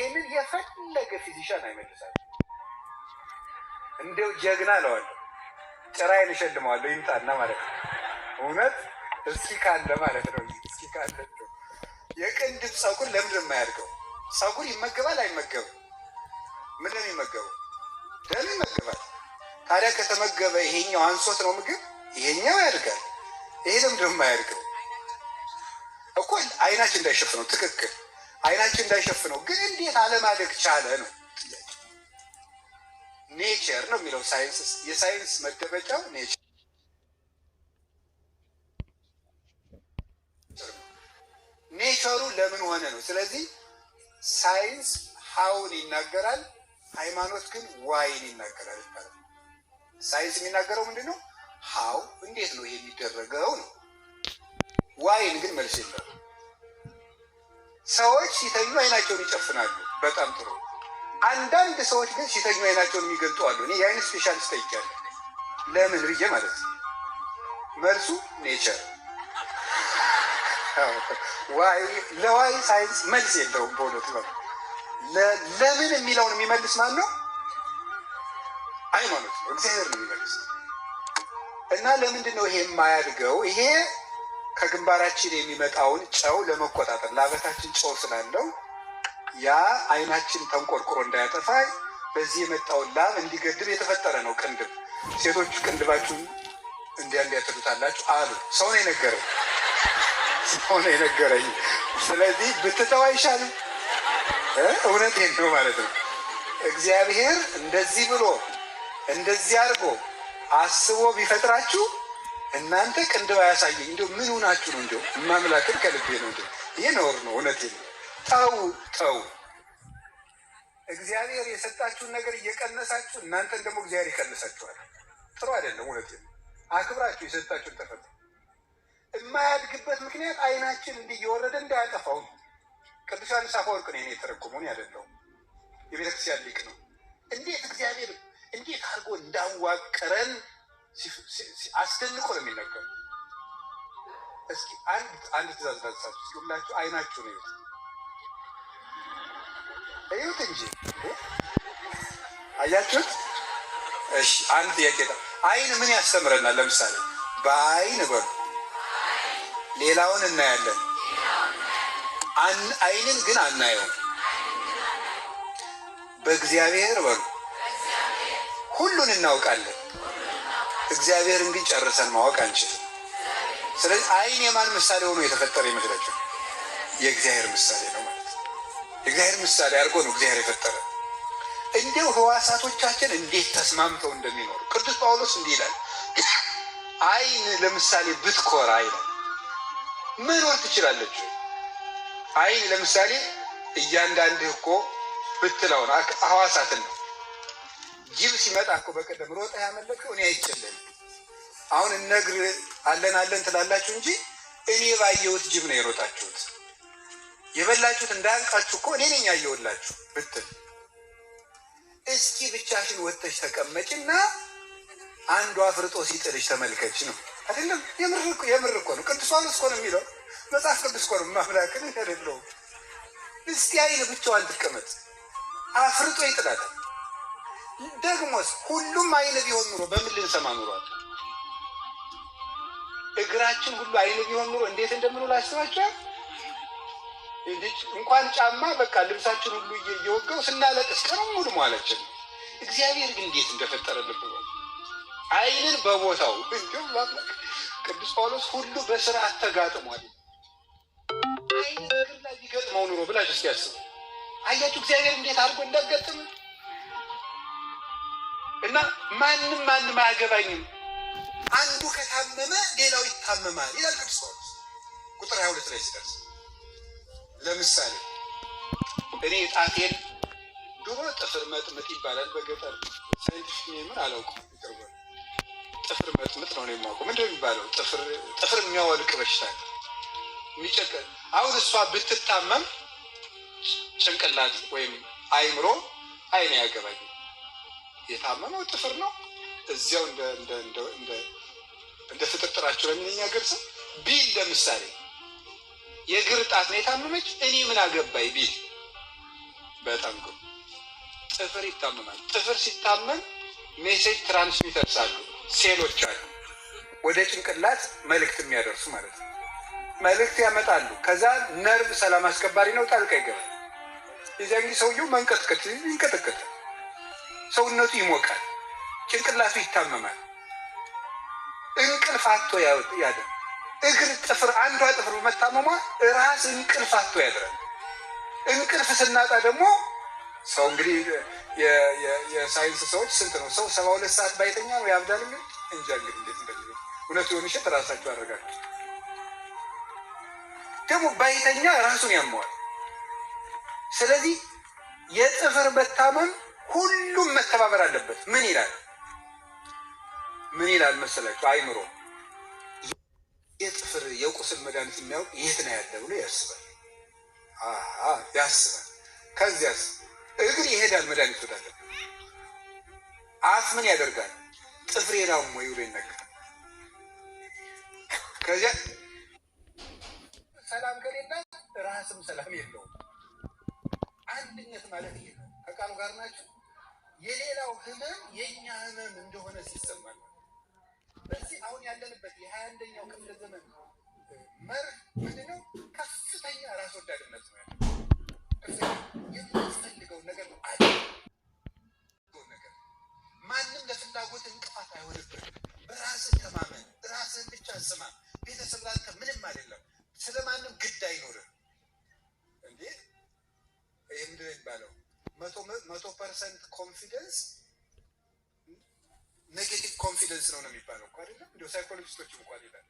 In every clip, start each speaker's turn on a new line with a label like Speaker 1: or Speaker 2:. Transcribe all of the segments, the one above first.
Speaker 1: ይህንን የፈለገ ፊዚሻን አይመልሳል። እንደው ጀግና እለዋለሁ፣ ጭራዬን እሸልመዋለሁ። ይምጣና ማለት ነው። እውነት እስኪ ካለ ማለት ነው። እስኪ ካለ የቅንድብ ፀጉር ለምንድን የማያድገው? ፀጉር ይመገባል አይመገብም? ምን የሚመገበው? ደም ይመገባል። ታዲያ ከተመገበ ይሄኛው አንሶት ነው ምግብ፣ ይሄኛው ያድጋል። ይሄ ለምንድን የማያድገው? እኮ አይናችን እንዳይሸፍነው ትክክል አይናችን እንዳይሸፍነው ግን እንዴት አለማደግ ቻለ ነው ኔቸር ነው የሚለው ሳይንስ የሳይንስ መደበጫው ኔቸር ኔቸሩ ለምን ሆነ ነው ስለዚህ ሳይንስ ሀውን ይናገራል ሃይማኖት ግን ዋይን ይናገራል ይባላል ሳይንስ የሚናገረው ምንድን ነው ሀው እንዴት ነው የሚደረገው ነው ዋይን ግን መልስ የለም ሰዎች ሲተኙ አይናቸውን ይጨፍናሉ። በጣም ጥሩ። አንዳንድ ሰዎች ግን ሲተኙ አይናቸውን የሚገልጡ አሉ። እኔ የአይነት ስፔሻሊስት ጠይቄያለሁ። ለምን ብዬ ማለት ነው። መልሱ ኔቸር ለዋይ ሳይንስ መልስ የለውም። በእውነቱ ለምን የሚለውን የሚመልስ ማን ነው? ሃይማኖት ነው፣ እግዚአብሔር ነው የሚመልስ እና ለምንድን ነው ይሄ የማያድገው ይሄ ከግንባራችን የሚመጣውን ጨው ለመቆጣጠር ለአበታችን ጨው ስላለው ያ አይናችን ተንቆርቁሮ እንዳያጠፋ በዚህ የመጣውን ላብ እንዲገድብ የተፈጠረ ነው። ቅንድብ ሴቶች ቅንድባችሁን እንዲያ እንዲያትሉታላችሁ አሉ። ሰው ነው የነገረኝ፣ ሰው ነው የነገረኝ። ስለዚህ ብትተው አይሻልም? እውነት ነው ማለት ነው። እግዚአብሔር እንደዚህ ብሎ እንደዚህ አድርጎ አስቦ ቢፈጥራችሁ እናንተ ቅንድብ አያሳየኝ እንዲ ምን ሆናችሁ ነው? እንዲ ማምላክን ከልቤ ነው። እንዲ ይህ ነውር ነው። እውነት ነው። ተው ተው። እግዚአብሔር የሰጣችሁን ነገር እየቀነሳችሁ እናንተን ደግሞ እግዚአብሔር ይቀንሳችኋል። ጥሩ አይደለም። እውነት ነው። አክብራችሁ የሰጣችሁን ተፈት የማያድግበት ምክንያት አይናችን እንዲህ እየወረደ እንዳያጠፋው ቅዱስ ዮሐንስ አፈወርቅ ነው የተረጎመውን ያደለው የቤተክርስቲያን ሊቅ ነው። እንዴት እግዚአብሔር እንዴት አድርጎ እንዳዋቀረን አስደንቆ ነው የሚነገሩ። እስኪ አንድ አንድ ትእዛዝ ዳሳችሁ እስኪ ሁላችሁ አይናችሁ ነው እዩት እንጂ አያችሁት? እሺ አንድ ጥያቄ አይን ምን ያስተምረናል? ለምሳሌ በአይን በሉ ሌላውን እናያለን፣ አይንን ግን አናየውም። በእግዚአብሔር በሉ ሁሉን እናውቃለን እግዚአብሔርን ግን ጨርሰን ማወቅ አንችልም። ስለዚህ አይን የማን ምሳሌ ሆኖ የተፈጠረ ይመስላችሁ? የእግዚአብሔር ምሳሌ ነው ማለት የእግዚአብሔር ምሳሌ አድርጎ ነው እግዚአብሔር የፈጠረ። እንዲሁ ህዋሳቶቻችን እንዴት ተስማምተው እንደሚኖሩ ቅዱስ ጳውሎስ እንዲህ ይላል፣ አይን ለምሳሌ ብትኮራ ይላል መኖር ትችላለች። አይን ለምሳሌ እያንዳንድህ እኮ ብትለውን ህዋሳትን ነው ጅብ ሲመጣ እኮ በቀደም ሮጣ ያመለከው እኔ አይችልም። አሁን እነግር አለን አለን ትላላችሁ እንጂ እኔ ባየሁት ጅብ ነው የሮጣችሁት። የበላችሁት እንዳያንቃችሁ እኮ እኔ ነኝ ያየሁላችሁ ብትል እስኪ ብቻሽን ወጥተሽ ተቀመጭና አንዷ አፍርጦ ሲጥልሽ ተመልከች ነው አይደለም? የምር እኮ ነው። ቅዱስ ጳውሎስ እኮ ነው የሚለው መጽሐፍ ቅዱስ እኮ ነው። ማምላክን ያደለው እስቲ አይን ብቻዋን ትቀመጥ አፍርጦ ይጥላታል። ደግሞስ ሁሉም አይነ ቢሆን ኑሮ በምን ልንሰማ አለ እግራችን ሁሉ አይነ ቢሆን ኑሮ እንዴት እንደምንውል አስባችኋል? እንኳን ጫማ በቃ ልብሳችን ሁሉ እየወገው ስናለቅስ ቀን ማለችን። እግዚአብሔር ግን እንዴት እንደፈጠረ ልብ አይንን በቦታው እንዲሁም ቅዱስ ጳውሎስ ሁሉ በስርዓት ተጋጥሟል። አይን እግር ላይ ቢገጥመው ኑሮ ብላችሁ እስኪ አስቡ። አያችሁ እግዚአብሔር እንዴት አድርጎ እንዳጋጠመ እና ማንም ማንም አያገባኝም፣ አንዱ ከታመመ ሌላው ይታመማል ይላል ቅዱስ ጳውሎስ ቁጥር ሀያ ሁለት ላይ ሲደርስ። ለምሳሌ እኔ ጣቴን ድሮ ጥፍር መጥምጥ ይባላል በገጠር ሳይንቲፊክ ምን አላውቅም፣ ይቅርበል ጥፍር መጥምጥ ነው የማውቀው። ምንድ የሚባለው? ጥፍር የሚያወልቅ በሽታ የሚጨቀ አሁን እሷ ብትታመም ጭንቅላት ወይም አይምሮ አይን ያገባኝ የታመነው ጥፍር ነው። እዚያው እንደ ፍጥርጥራቸው ለምንኛ ግልጽ ቢል ለምሳሌ የእግር ጣት ነው የታመመች፣ እኔ ምን አገባኝ ቢል በጣም ግን ጥፍር ይታመማል። ጥፍር ሲታመን ሜሴጅ ትራንስሚተርስ አሉ፣ ሴሎች አሉ፣ ወደ ጭንቅላት መልእክት የሚያደርሱ ማለት ነው። መልእክት ያመጣሉ። ከዛ ነርቭ ሰላም አስከባሪ ነው፣ ጣልቃ ይገባል። እዚያ እንግዲህ ሰውየው መንቀጥቀጥ ይንቀጠቀጣል። ሰውነቱ ይሞቃል፣ ጭንቅላቱ ይታመማል፣ እንቅልፍ አጥቶ እግር ጥፍር አንዷ ጥፍር በመታመሟ ራስ እንቅልፍ አጥቶ ያድራል። እንቅልፍ ስናጣ ደግሞ ሰው እንግዲህ የሳይንስ ሰዎች ስንት ነው ሰው ሰባ ሁለት ሰዓት ባይተኛ ነው ያብዳል። ግን እንጃ እንግዲህ እንዴት እውነቱ ራሳቸው ያደረጋቸው ደግሞ ባይተኛ ራሱን ያመዋል። ስለዚህ የጥፍር መታመም ሁሉም መተባበር አለበት። ምን ይላል ምን ይላል መሰላችሁ? አይምሮ የጥፍር የቁስል መድኃኒት የሚያውቅ የት ነው ያለ ብሎ ያስባል ያስባል። ከዚያስ እግር ይሄዳል መድኃኒት ወዳለ። አፍ ምን ያደርጋል? ጥፍሬ ላም ወይ ብሎ ይነገራል። ከዚያ ሰላም ከሌለ ራስም ሰላም የለውም። አንድነት ማለት ይሄ ነው። ከቃሉ ጋር ናቸው። የሌላው ህመም የእኛ ህመም እንደሆነ ሲሰማል። በዚህ አሁን ያለንበት የሀያ አንደኛው ክፍለ ዘመን መርህ ምንድነው? ከፍተኛ ራስ ወዳድነት ነው። የምንፈልገው ነገር ነው ነገር ማንም ለፍላጎት እንቅፋት አይሆንብን። በራስ ተማመን፣ ራስን ብቻ ስማ። ቤተሰብ ላንተ ምንም አይደለም። ስለማንም ግድ አይኖርም። እንዴት ይህ ምንድነው የሚባለው? መቶ ፐርሰንት ኮንፊደንስ ኔጌቲቭ ኮንፊደንስ ነው ነው የሚባለው እኮ አይደለም። እንዲ ሳይኮሎጂስቶች እንኳን ይላል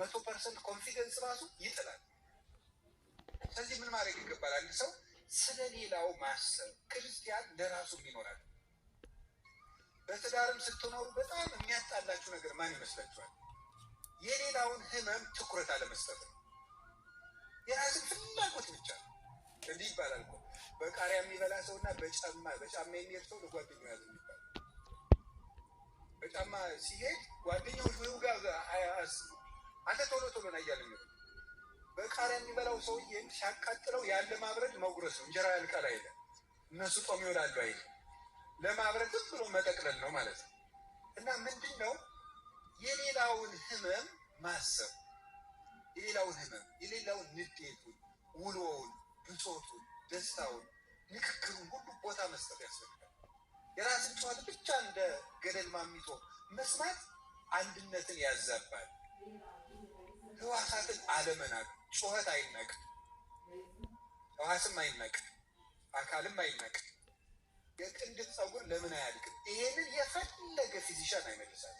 Speaker 1: መቶ ፐርሰንት ኮንፊደንስ ራሱ ይጥላል። ስለዚህ ምን ማድረግ ይገባል? አንድ ሰው ስለ ሌላው ማሰብ ክርስቲያን ለራሱ ይኖራል። በትዳርም ስትኖሩ በጣም የሚያጣላችሁ ነገር ማን ይመስላችኋል? የሌላውን ህመም ትኩረት አለመስጠት ነው። የራስን ፍላጎት ብቻ እንዲህ ይባላል እኮ በቃሪያ የሚበላ ሰው እና በጫማ በጫማ የሚሄድ ሰው ለጓደኛው ያዘ የሚባል በጫማ ሲሄድ ጓደኛው ሽው ጋር አያስቡ አንተ ቶሎ ቶሎ ና እያለ ሚ በቃሪያ የሚበላው ሰውዬን ሲያቃጥለው ያለ ማብረድ መጉረስ ነው። እንጀራ ያልቃል አይለ እነሱ ጦም ይውላሉ አይለ ለማብረድ ዝም ብሎ መጠቅለል ነው ማለት ነው። እና ምንድን ነው የሌላውን ህመም ማሰብ የሌላውን ህመም የሌላውን ንዴቱን ውሎውን ብሶቱን ደስታውን፣ ምክክሩን ሁሉ ቦታ መስጠት ያስፈልጋል። የራስን ጨዋት ብቻ እንደ ገደል ማሚቶ መስማት አንድነትን ያዛባል። ህዋሳትን አለመናቅ፣ ጩኸት አይነቅ፣ ህዋስም አይነቅ፣ አካልም አይነቅ። የቅንድት ፀጉር ለምን አያድግም? ይሄንን የፈለገ ፊዚሻን አይመልሳል።